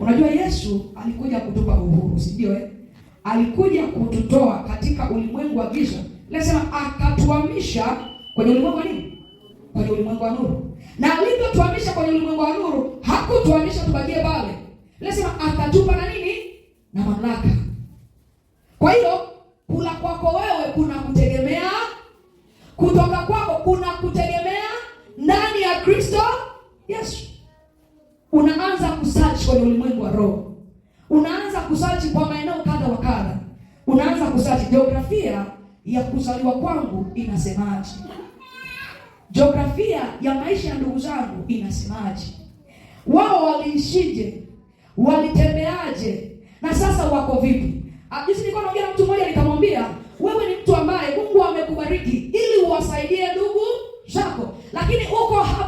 Unajua Yesu alikuja kutupa uhuru, si ndio? Eh, alikuja kututoa katika ulimwengu wa giza, nasema akatuhamisha kwenye ulimwengu wa nini? Kwenye ulimwengu wa nuru. Na alipotuhamisha kwenye ulimwengu wa nuru, hakutuhamisha tubakie pale, nasema akatupa na nini na mamlaka. Kwa hiyo kula kwako wewe kuna kutegemea kutoka kwako kuna kutegemea ndani ya Kristo Yesu ulimwengu wa roho. Unaanza kusachi kwa maeneo kadha wa kadha, unaanza kusachi jiografia ya kuzaliwa kwangu inasemaje, jiografia ya maisha ya ndugu zangu inasemaje, wao waliishije, walitembeaje na sasa wako vipi? Ah, Jinsi nilikuwa naongea na mtu mmoja nikamwambia, wewe ni mtu ambaye Mungu amekubariki ili uwasaidie ndugu zako, lakini uko hapa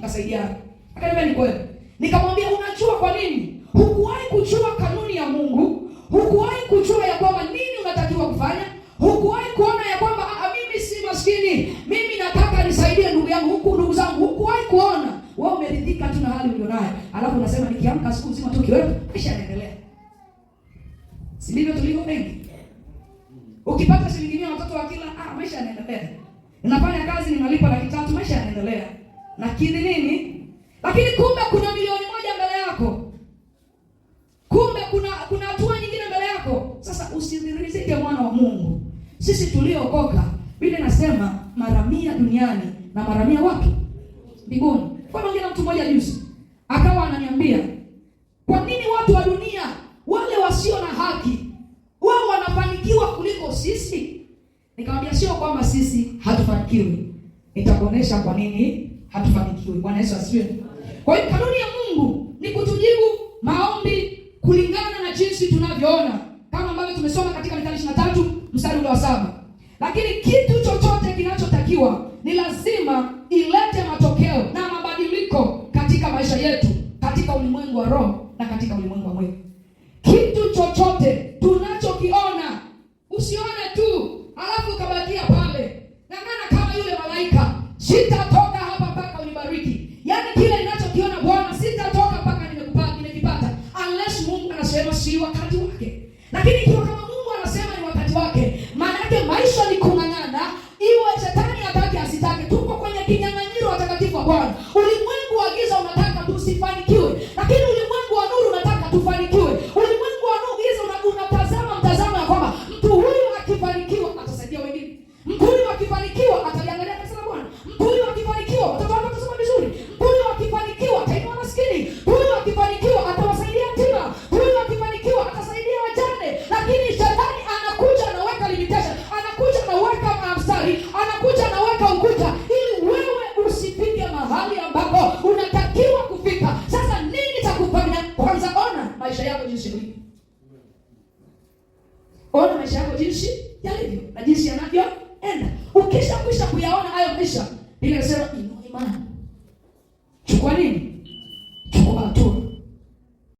akasaidiana. Akaniambia ni kweli. Nikamwambia unachua kwa nini? Hukuwahi kuchua kanuni ya Mungu, hukuwahi kuchua ya kwamba nini unatakiwa kufanya, hukuwahi kuona ya kwamba ah, ah mimi si maskini, mimi nataka nisaidie ndugu yangu huku ndugu zangu, hukuwahi kuona. Wewe umeridhika tu na hali ulionayo. Alafu unasema nikiamka siku nzima tu kiwepo, kisha naendelea. Si ndivyo tulivyo mengi? Ukipata shilingi mia watoto wa kila ah, maisha yanaendelea. Ninafanya kazi ninalipwa laki tatu, maisha yanaendelea lakini nini, lakini kumbe kuna milioni moja mbele yako, kumbe kuna kuna hatua nyingine mbele yako. Sasa usidhirizike mwana wa Mungu. Sisi tuliokoka, Biblia inasema mara mia duniani na mara mia wapi? Mbinguni. Kwa nini? Mtu mmoja juzi akawa ananiambia, kwa nini watu wa dunia wale wasio na haki wao wanafanikiwa kuliko sisi? Nikamwambia sio kwamba sisi hatufanikiwi, nitakuonesha kwa nini hatufanikiwi. Bwana Yesu asifiwe. Kwa hiyo kanuni ya Mungu ni kutujibu maombi kulingana na jinsi tunavyoona, kama ambavyo tumesoma katika Mithali 23 mstari ule wa saba. Lakini kitu chochote kinachotakiwa ni lazima ilete matokeo na mabadiliko katika maisha yetu, katika ulimwengu wa roho na katika ulimwengu wa mwili. Kitu chochote tunachokiona, usione tu alafu ukabakia pale, na maana kama yule malaika sita anasema si wakati wake, lakini ikiwa kama Mungu anasema ni wakati wake, maana yake maisha ni kung'ang'ana, iwe shetani atake asitake. Tuko kwenye kinyang'anyiro watakatifu wa Bwana. Ulimwengu wa giza unataka tusifanikiwe, lakini mahali ambapo unatakiwa kufika. Sasa nini cha kufanya? Kwanza ona maisha yako jinsi ulivyo, ona maisha yako jinsi yalivyo na jinsi yanavyoenda. Ukisha kwisha kuyaona hayo maisha, bila sema inua imani, chukua nini